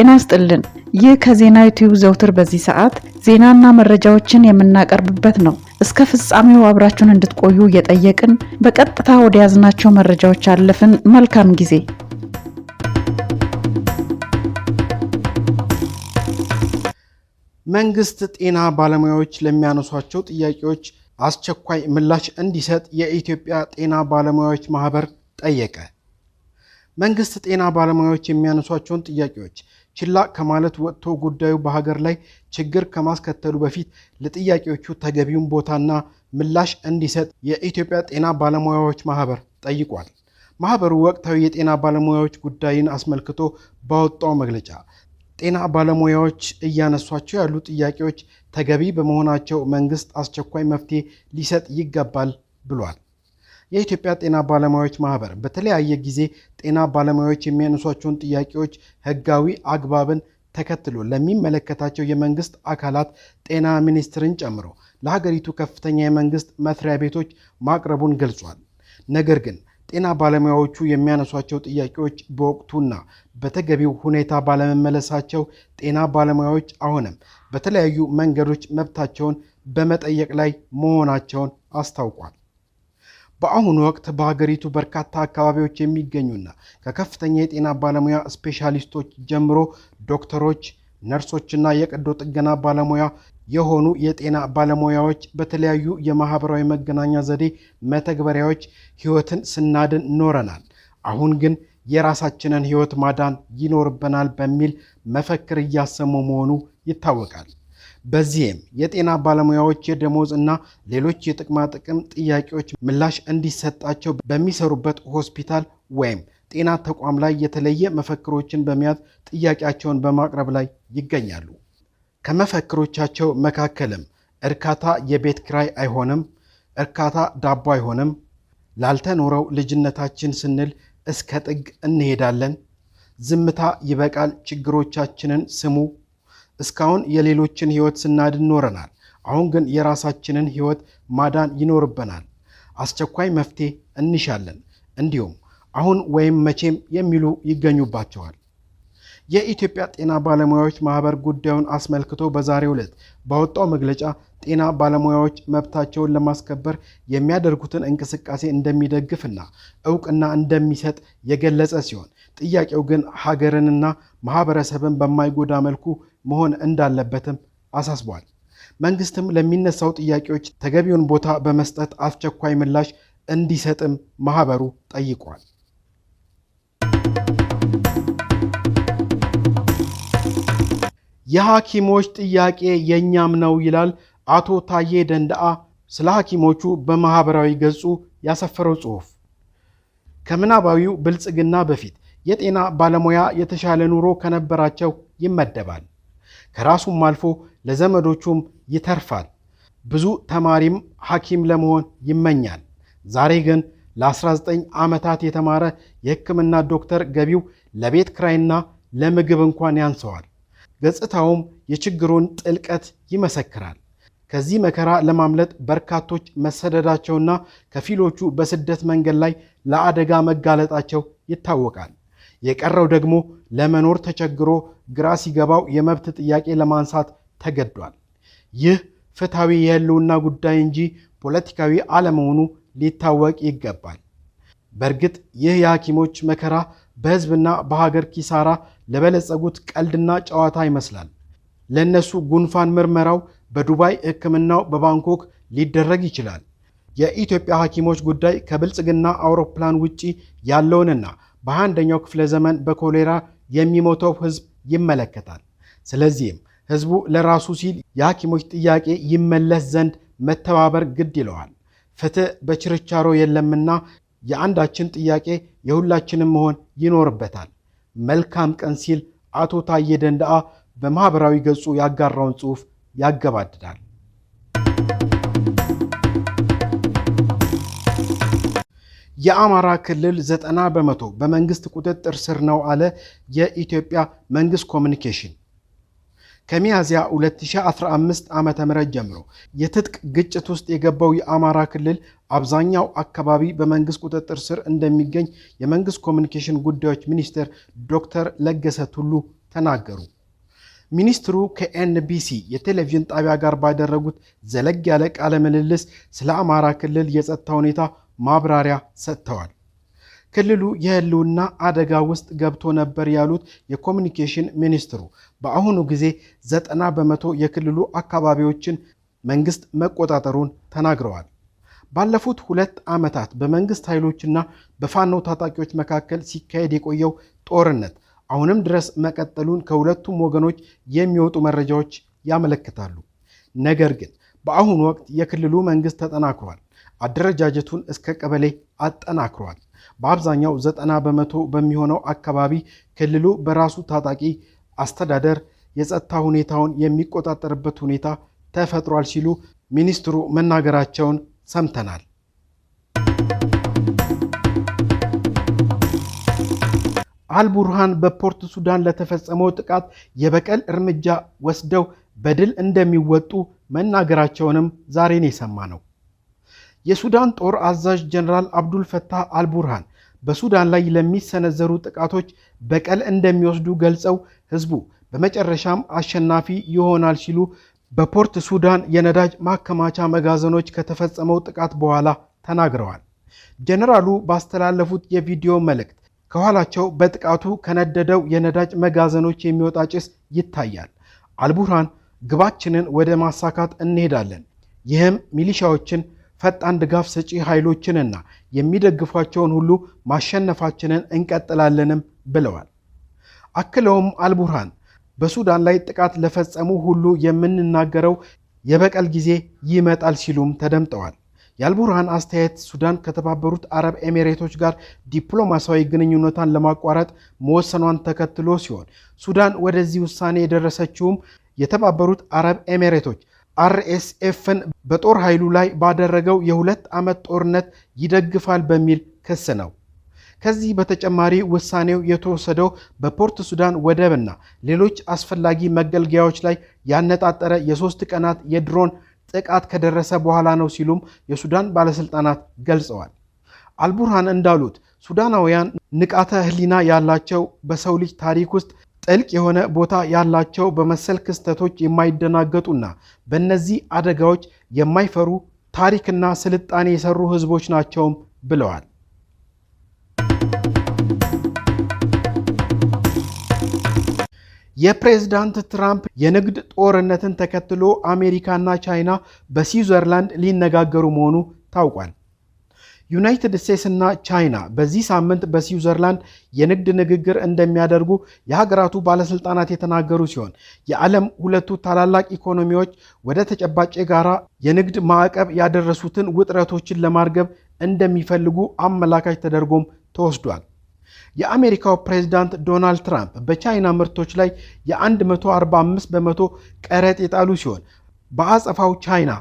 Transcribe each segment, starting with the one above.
ጤና ይስጥልን። ይህ ከዜና ዩቲዩብ ዘውትር በዚህ ሰዓት ዜናና መረጃዎችን የምናቀርብበት ነው። እስከ ፍጻሜው አብራችሁን እንድትቆዩ እየጠየቅን በቀጥታ ወደ ያዝናቸው መረጃዎች አለፍን። መልካም ጊዜ። መንግስት ጤና ባለሙያዎች ለሚያነሷቸው ጥያቄዎች አስቸኳይ ምላሽ እንዲሰጥ የኢትዮጵያ ጤና ባለሙያዎች ማህበር ጠየቀ። መንግስት ጤና ባለሙያዎች የሚያነሷቸውን ጥያቄዎች ችላ ከማለት ወጥቶ ጉዳዩ በሀገር ላይ ችግር ከማስከተሉ በፊት ለጥያቄዎቹ ተገቢውን ቦታና ምላሽ እንዲሰጥ የኢትዮጵያ ጤና ባለሙያዎች ማህበር ጠይቋል። ማህበሩ ወቅታዊ የጤና ባለሙያዎች ጉዳይን አስመልክቶ ባወጣው መግለጫ ጤና ባለሙያዎች እያነሷቸው ያሉ ጥያቄዎች ተገቢ በመሆናቸው መንግስት አስቸኳይ መፍትሄ ሊሰጥ ይገባል ብሏል። የኢትዮጵያ ጤና ባለሙያዎች ማህበር በተለያየ ጊዜ ጤና ባለሙያዎች የሚያነሷቸውን ጥያቄዎች ህጋዊ አግባብን ተከትሎ ለሚመለከታቸው የመንግስት አካላት ጤና ሚኒስትርን ጨምሮ ለሀገሪቱ ከፍተኛ የመንግስት መስሪያ ቤቶች ማቅረቡን ገልጿል። ነገር ግን ጤና ባለሙያዎቹ የሚያነሷቸው ጥያቄዎች በወቅቱና በተገቢው ሁኔታ ባለመመለሳቸው ጤና ባለሙያዎች አሁንም በተለያዩ መንገዶች መብታቸውን በመጠየቅ ላይ መሆናቸውን አስታውቋል። በአሁኑ ወቅት በሀገሪቱ በርካታ አካባቢዎች የሚገኙና ከከፍተኛ የጤና ባለሙያ ስፔሻሊስቶች ጀምሮ ዶክተሮች፣ ነርሶችና የቀዶ ጥገና ባለሙያ የሆኑ የጤና ባለሙያዎች በተለያዩ የማህበራዊ መገናኛ ዘዴ መተግበሪያዎች ህይወትን ስናድን ኖረናል። አሁን ግን የራሳችንን ህይወት ማዳን ይኖርብናል በሚል መፈክር እያሰሙ መሆኑ ይታወቃል። በዚህም የጤና ባለሙያዎች የደሞዝ እና ሌሎች የጥቅማ ጥቅም ጥያቄዎች ምላሽ እንዲሰጣቸው በሚሰሩበት ሆስፒታል ወይም ጤና ተቋም ላይ የተለየ መፈክሮችን በመያዝ ጥያቄያቸውን በማቅረብ ላይ ይገኛሉ። ከመፈክሮቻቸው መካከልም እርካታ የቤት ክራይ አይሆንም፣ እርካታ ዳቦ አይሆንም፣ ላልተኖረው ልጅነታችን ስንል እስከ ጥግ እንሄዳለን፣ ዝምታ ይበቃል፣ ችግሮቻችንን ስሙ እስካሁን የሌሎችን ሕይወት ስናድን ኖረናል። አሁን ግን የራሳችንን ሕይወት ማዳን ይኖርብናል። አስቸኳይ መፍትሄ እንሻለን። እንዲሁም አሁን ወይም መቼም የሚሉ ይገኙባቸዋል። የኢትዮጵያ ጤና ባለሙያዎች ማህበር ጉዳዩን አስመልክቶ በዛሬው ዕለት ባወጣው መግለጫ ጤና ባለሙያዎች መብታቸውን ለማስከበር የሚያደርጉትን እንቅስቃሴ እንደሚደግፍና እውቅና እንደሚሰጥ የገለጸ ሲሆን ጥያቄው ግን ሀገርንና ማህበረሰብን በማይጎዳ መልኩ መሆን እንዳለበትም አሳስቧል። መንግስትም ለሚነሳው ጥያቄዎች ተገቢውን ቦታ በመስጠት አስቸኳይ ምላሽ እንዲሰጥም ማህበሩ ጠይቋል። የሐኪሞች ጥያቄ የእኛም ነው ይላል አቶ ታዬ ደንዳአ ስለ ሐኪሞቹ በማኅበራዊ ገጹ ያሰፈረው ጽሑፍ። ከምናባዊው ብልጽግና በፊት የጤና ባለሙያ የተሻለ ኑሮ ከነበራቸው ይመደባል። ከራሱም አልፎ ለዘመዶቹም ይተርፋል። ብዙ ተማሪም ሐኪም ለመሆን ይመኛል። ዛሬ ግን ለ19 ዓመታት የተማረ የሕክምና ዶክተር ገቢው ለቤት ክራይና ለምግብ እንኳን ያንሰዋል። ገጽታውም የችግሩን ጥልቀት ይመሰክራል። ከዚህ መከራ ለማምለጥ በርካቶች መሰደዳቸውና ከፊሎቹ በስደት መንገድ ላይ ለአደጋ መጋለጣቸው ይታወቃል። የቀረው ደግሞ ለመኖር ተቸግሮ ግራ ሲገባው የመብት ጥያቄ ለማንሳት ተገዷል። ይህ ፍትሐዊ የህልውና ጉዳይ እንጂ ፖለቲካዊ አለመሆኑ ሊታወቅ ይገባል። በእርግጥ ይህ የሐኪሞች መከራ በሕዝብና በሀገር ኪሳራ ለበለጸጉት ቀልድና ጨዋታ ይመስላል። ለእነሱ ጉንፋን ምርመራው በዱባይ ሕክምናው በባንኮክ ሊደረግ ይችላል። የኢትዮጵያ ሐኪሞች ጉዳይ ከብልጽግና አውሮፕላን ውጪ ያለውንና በአንደኛው ክፍለ ዘመን በኮሌራ የሚሞተው ሕዝብ ይመለከታል። ስለዚህም ሕዝቡ ለራሱ ሲል የሐኪሞች ጥያቄ ይመለስ ዘንድ መተባበር ግድ ይለዋል። ፍትህ በችርቻሮ የለምና የአንዳችን ጥያቄ የሁላችንም መሆን ይኖርበታል። መልካም ቀን ሲል አቶ ታዬ ደንደዓ በማኅበራዊ ገጹ ያጋራውን ጽሑፍ ያገባድዳል። የአማራ ክልል ዘጠና በመቶ በመንግስት ቁጥጥር ስር ነው አለ የኢትዮጵያ መንግስት ኮሚኒኬሽን። ከሚያዝያ 2015 ዓ.ም ጀምሮ የትጥቅ ግጭት ውስጥ የገባው የአማራ ክልል አብዛኛው አካባቢ በመንግስት ቁጥጥር ስር እንደሚገኝ የመንግስት ኮሚኒኬሽን ጉዳዮች ሚኒስትር ዶክተር ለገሰ ቱሉ ተናገሩ። ሚኒስትሩ ከኤንቢሲ የቴሌቪዥን ጣቢያ ጋር ባደረጉት ዘለግ ያለ ቃለ ምልልስ ስለ አማራ ክልል የጸጥታ ሁኔታ ማብራሪያ ሰጥተዋል። ክልሉ የህልውና አደጋ ውስጥ ገብቶ ነበር ያሉት የኮሚኒኬሽን ሚኒስትሩ በአሁኑ ጊዜ ዘጠና በመቶ የክልሉ አካባቢዎችን መንግስት መቆጣጠሩን ተናግረዋል። ባለፉት ሁለት ዓመታት በመንግስት ኃይሎችና በፋኖ ታጣቂዎች መካከል ሲካሄድ የቆየው ጦርነት አሁንም ድረስ መቀጠሉን ከሁለቱም ወገኖች የሚወጡ መረጃዎች ያመለክታሉ። ነገር ግን በአሁኑ ወቅት የክልሉ መንግስት ተጠናክሯል። አደረጃጀቱን እስከ ቀበሌ አጠናክሯል። በአብዛኛው ዘጠና በመቶ በሚሆነው አካባቢ ክልሉ በራሱ ታጣቂ አስተዳደር የጸጥታ ሁኔታውን የሚቆጣጠርበት ሁኔታ ተፈጥሯል ሲሉ ሚኒስትሩ መናገራቸውን ሰምተናል። አልቡርሃን በፖርት ሱዳን ለተፈጸመው ጥቃት የበቀል እርምጃ ወስደው በድል እንደሚወጡ መናገራቸውንም ዛሬን የሰማ ነው። የሱዳን ጦር አዛዥ ጀነራል አብዱል ፈታህ አልቡርሃን በሱዳን ላይ ለሚሰነዘሩ ጥቃቶች በቀል እንደሚወስዱ ገልጸው ህዝቡ በመጨረሻም አሸናፊ ይሆናል ሲሉ በፖርት ሱዳን የነዳጅ ማከማቻ መጋዘኖች ከተፈጸመው ጥቃት በኋላ ተናግረዋል። ጀነራሉ ባስተላለፉት የቪዲዮ መልእክት ከኋላቸው በጥቃቱ ከነደደው የነዳጅ መጋዘኖች የሚወጣ ጭስ ይታያል። አልቡርሃን ግባችንን ወደ ማሳካት እንሄዳለን፣ ይህም ሚሊሻዎችን፣ ፈጣን ድጋፍ ሰጪ ኃይሎችንና የሚደግፏቸውን ሁሉ ማሸነፋችንን እንቀጥላለንም ብለዋል። አክለውም አልቡርሃን በሱዳን ላይ ጥቃት ለፈጸሙ ሁሉ የምንናገረው የበቀል ጊዜ ይመጣል ሲሉም ተደምጠዋል። የአልቡርሃን አስተያየት ሱዳን ከተባበሩት አረብ ኤሚሬቶች ጋር ዲፕሎማሲያዊ ግንኙነቷን ለማቋረጥ መወሰኗን ተከትሎ ሲሆን ሱዳን ወደዚህ ውሳኔ የደረሰችውም የተባበሩት አረብ ኤሚሬቶች አርኤስኤፍን በጦር ኃይሉ ላይ ባደረገው የሁለት ዓመት ጦርነት ይደግፋል በሚል ክስ ነው። ከዚህ በተጨማሪ ውሳኔው የተወሰደው በፖርት ሱዳን ወደብና ሌሎች አስፈላጊ መገልገያዎች ላይ ያነጣጠረ የሶስት ቀናት የድሮን ጥቃት ከደረሰ በኋላ ነው ሲሉም የሱዳን ባለስልጣናት ገልጸዋል። አልቡርሃን እንዳሉት ሱዳናውያን ንቃተ ሕሊና ያላቸው በሰው ልጅ ታሪክ ውስጥ ጥልቅ የሆነ ቦታ ያላቸው በመሰል ክስተቶች የማይደናገጡና በእነዚህ አደጋዎች የማይፈሩ ታሪክና ስልጣኔ የሰሩ ሕዝቦች ናቸውም ብለዋል። የፕሬዝዳንት ትራምፕ የንግድ ጦርነትን ተከትሎ አሜሪካና ቻይና በስዊዘርላንድ ሊነጋገሩ መሆኑ ታውቋል። ዩናይትድ ስቴትስ እና ቻይና በዚህ ሳምንት በስዊዘርላንድ የንግድ ንግግር እንደሚያደርጉ የሀገራቱ ባለስልጣናት የተናገሩ ሲሆን የዓለም ሁለቱ ታላላቅ ኢኮኖሚዎች ወደ ተጨባጭ ጋራ የንግድ ማዕቀብ ያደረሱትን ውጥረቶችን ለማርገብ እንደሚፈልጉ አመላካች ተደርጎም ተወስዷል። የአሜሪካው ፕሬዚዳንት ዶናልድ ትራምፕ በቻይና ምርቶች ላይ የ145 በመቶ ቀረጥ የጣሉ ሲሆን በአጸፋው ቻይና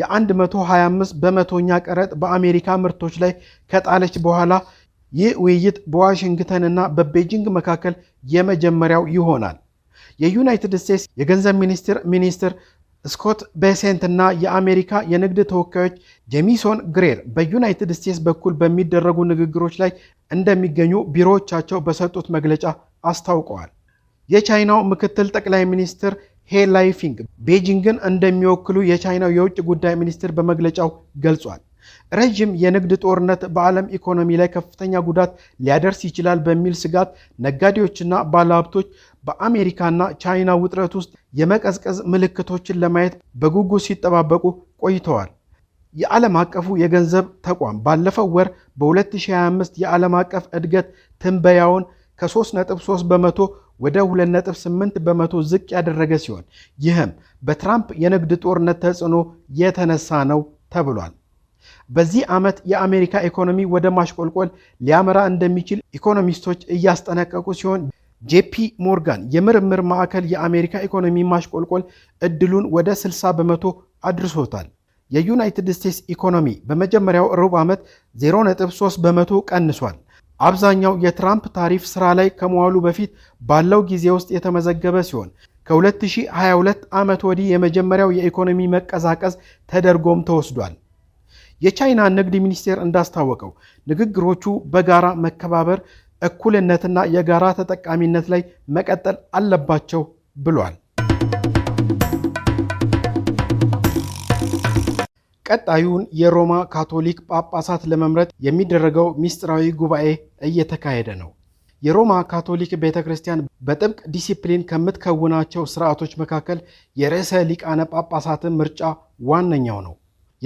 የ125 በመቶኛ ቀረጥ በአሜሪካ ምርቶች ላይ ከጣለች በኋላ ይህ ውይይት በዋሽንግተን እና በቤጂንግ መካከል የመጀመሪያው ይሆናል። የዩናይትድ ስቴትስ የገንዘብ ሚኒስትር ሚኒስትር ስኮት ቤሴንት እና የአሜሪካ የንግድ ተወካዮች ጄሚሶን ግሬር በዩናይትድ ስቴትስ በኩል በሚደረጉ ንግግሮች ላይ እንደሚገኙ ቢሮዎቻቸው በሰጡት መግለጫ አስታውቀዋል። የቻይናው ምክትል ጠቅላይ ሚኒስትር ሄ ላይፊንግ ቤጂንግን እንደሚወክሉ የቻይናው የውጭ ጉዳይ ሚኒስትር በመግለጫው ገልጿል። ረዥም የንግድ ጦርነት በዓለም ኢኮኖሚ ላይ ከፍተኛ ጉዳት ሊያደርስ ይችላል በሚል ስጋት ነጋዴዎችና ባለሀብቶች በአሜሪካና ቻይና ውጥረት ውስጥ የመቀዝቀዝ ምልክቶችን ለማየት በጉጉት ሲጠባበቁ ቆይተዋል። የዓለም አቀፉ የገንዘብ ተቋም ባለፈው ወር በ2025 የዓለም አቀፍ እድገት ትንበያውን ከ3.3 በመቶ ወደ 2.8 በመቶ ዝቅ ያደረገ ሲሆን ይህም በትራምፕ የንግድ ጦርነት ተጽዕኖ የተነሳ ነው ተብሏል። በዚህ ዓመት የአሜሪካ ኢኮኖሚ ወደ ማሽቆልቆል ሊያመራ እንደሚችል ኢኮኖሚስቶች እያስጠነቀቁ ሲሆን ጄፒ ሞርጋን የምርምር ማዕከል የአሜሪካ ኢኮኖሚ ማሽቆልቆል እድሉን ወደ 60 በመቶ አድርሶታል። የዩናይትድ ስቴትስ ኢኮኖሚ በመጀመሪያው ሩብ ዓመት 0.3 በመቶ ቀንሷል። አብዛኛው የትራምፕ ታሪፍ ሥራ ላይ ከመዋሉ በፊት ባለው ጊዜ ውስጥ የተመዘገበ ሲሆን ከ2022 ዓመት ወዲህ የመጀመሪያው የኢኮኖሚ መቀዛቀዝ ተደርጎም ተወስዷል። የቻይና ንግድ ሚኒስቴር እንዳስታወቀው ንግግሮቹ በጋራ መከባበር እኩልነትና የጋራ ተጠቃሚነት ላይ መቀጠል አለባቸው ብሏል። ቀጣዩን የሮማ ካቶሊክ ጳጳሳት ለመምረጥ የሚደረገው ሚስጥራዊ ጉባኤ እየተካሄደ ነው። የሮማ ካቶሊክ ቤተ ክርስቲያን በጥብቅ ዲሲፕሊን ከምትከውናቸው ስርዓቶች መካከል የርዕሰ ሊቃነ ጳጳሳትን ምርጫ ዋነኛው ነው።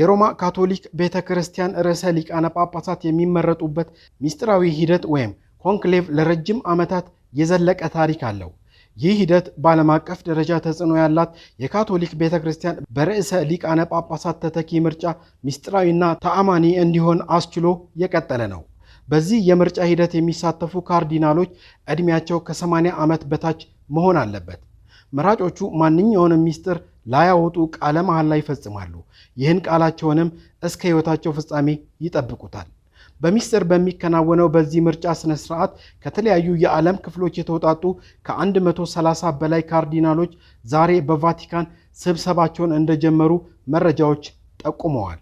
የሮማ ካቶሊክ ቤተ ክርስቲያን ርዕሰ ሊቃነ ጳጳሳት የሚመረጡበት ሚስጥራዊ ሂደት ወይም ኮንክሌቭ ለረጅም ዓመታት የዘለቀ ታሪክ አለው። ይህ ሂደት በዓለም አቀፍ ደረጃ ተጽዕኖ ያላት የካቶሊክ ቤተ ክርስቲያን በርዕሰ ሊቃነ ጳጳሳት ተተኪ ምርጫ ምስጢራዊና ተአማኒ እንዲሆን አስችሎ የቀጠለ ነው። በዚህ የምርጫ ሂደት የሚሳተፉ ካርዲናሎች ዕድሜያቸው ከ80 ዓመት በታች መሆን አለበት። መራጮቹ ማንኛውንም ምስጢር ላያወጡ ቃለ መሐላ ይፈጽማሉ። ይህን ቃላቸውንም እስከ ሕይወታቸው ፍጻሜ ይጠብቁታል። በሚስጥር በሚከናወነው በዚህ ምርጫ ስነ ስርዓት ከተለያዩ የዓለም ክፍሎች የተውጣጡ ከ130 በላይ ካርዲናሎች ዛሬ በቫቲካን ስብሰባቸውን እንደጀመሩ መረጃዎች ጠቁመዋል።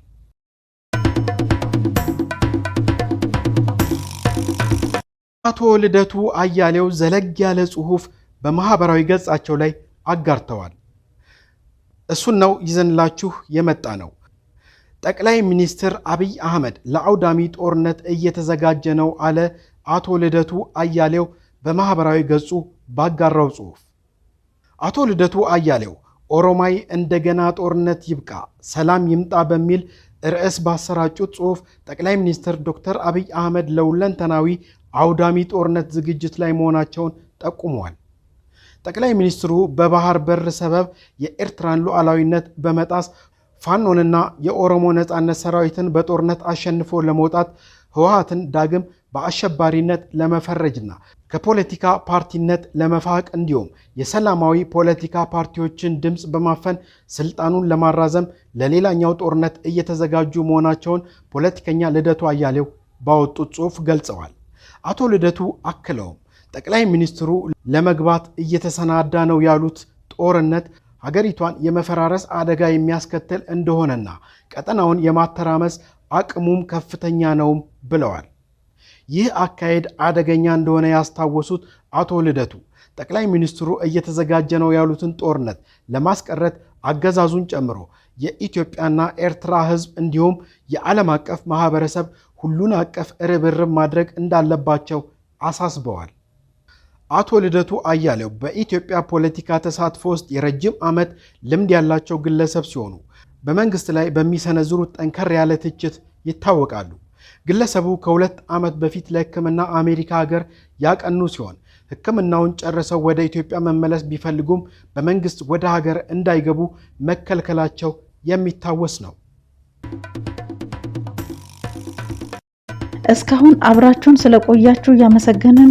አቶ ልደቱ አያሌው ዘለግ ያለ ጽሑፍ በማህበራዊ ገጻቸው ላይ አጋርተዋል። እሱን ነው ይዘንላችሁ የመጣ ነው። ጠቅላይ ሚኒስትር አብይ አህመድ ለአውዳሚ ጦርነት እየተዘጋጀ ነው አለ አቶ ልደቱ አያሌው በማኅበራዊ ገጹ ባጋራው ጽሑፍ። አቶ ልደቱ አያሌው ኦሮማይ እንደገና ጦርነት ይብቃ ሰላም ይምጣ በሚል ርዕስ ባሰራጩት ጽሑፍ ጠቅላይ ሚኒስትር ዶክተር አብይ አህመድ ለሁለንተናዊ አውዳሚ ጦርነት ዝግጅት ላይ መሆናቸውን ጠቁመዋል። ጠቅላይ ሚኒስትሩ በባህር በር ሰበብ የኤርትራን ሉዓላዊነት በመጣስ ፋኖንና የኦሮሞ ነፃነት ሰራዊትን በጦርነት አሸንፎ ለመውጣት ህወሀትን ዳግም በአሸባሪነት ለመፈረጅና ከፖለቲካ ፓርቲነት ለመፋቅ እንዲሁም የሰላማዊ ፖለቲካ ፓርቲዎችን ድምፅ በማፈን ስልጣኑን ለማራዘም ለሌላኛው ጦርነት እየተዘጋጁ መሆናቸውን ፖለቲከኛ ልደቱ አያሌው ባወጡት ጽሑፍ ገልጸዋል። አቶ ልደቱ አክለውም ጠቅላይ ሚኒስትሩ ለመግባት እየተሰናዳ ነው ያሉት ጦርነት አገሪቷን የመፈራረስ አደጋ የሚያስከትል እንደሆነና ቀጠናውን የማተራመስ አቅሙም ከፍተኛ ነውም ብለዋል። ይህ አካሄድ አደገኛ እንደሆነ ያስታወሱት አቶ ልደቱ ጠቅላይ ሚኒስትሩ እየተዘጋጀ ነው ያሉትን ጦርነት ለማስቀረት አገዛዙን ጨምሮ የኢትዮጵያና ኤርትራ ሕዝብ እንዲሁም የዓለም አቀፍ ማህበረሰብ ሁሉን አቀፍ ርብርብ ማድረግ እንዳለባቸው አሳስበዋል። አቶ ልደቱ አያሌው በኢትዮጵያ ፖለቲካ ተሳትፎ ውስጥ የረጅም ዓመት ልምድ ያላቸው ግለሰብ ሲሆኑ በመንግስት ላይ በሚሰነዝሩት ጠንከር ያለ ትችት ይታወቃሉ። ግለሰቡ ከሁለት ዓመት በፊት ለሕክምና አሜሪካ ሀገር ያቀኑ ሲሆን ሕክምናውን ጨርሰው ወደ ኢትዮጵያ መመለስ ቢፈልጉም በመንግስት ወደ ሀገር እንዳይገቡ መከልከላቸው የሚታወስ ነው። እስካሁን አብራችሁን ስለቆያችሁ እያመሰገንን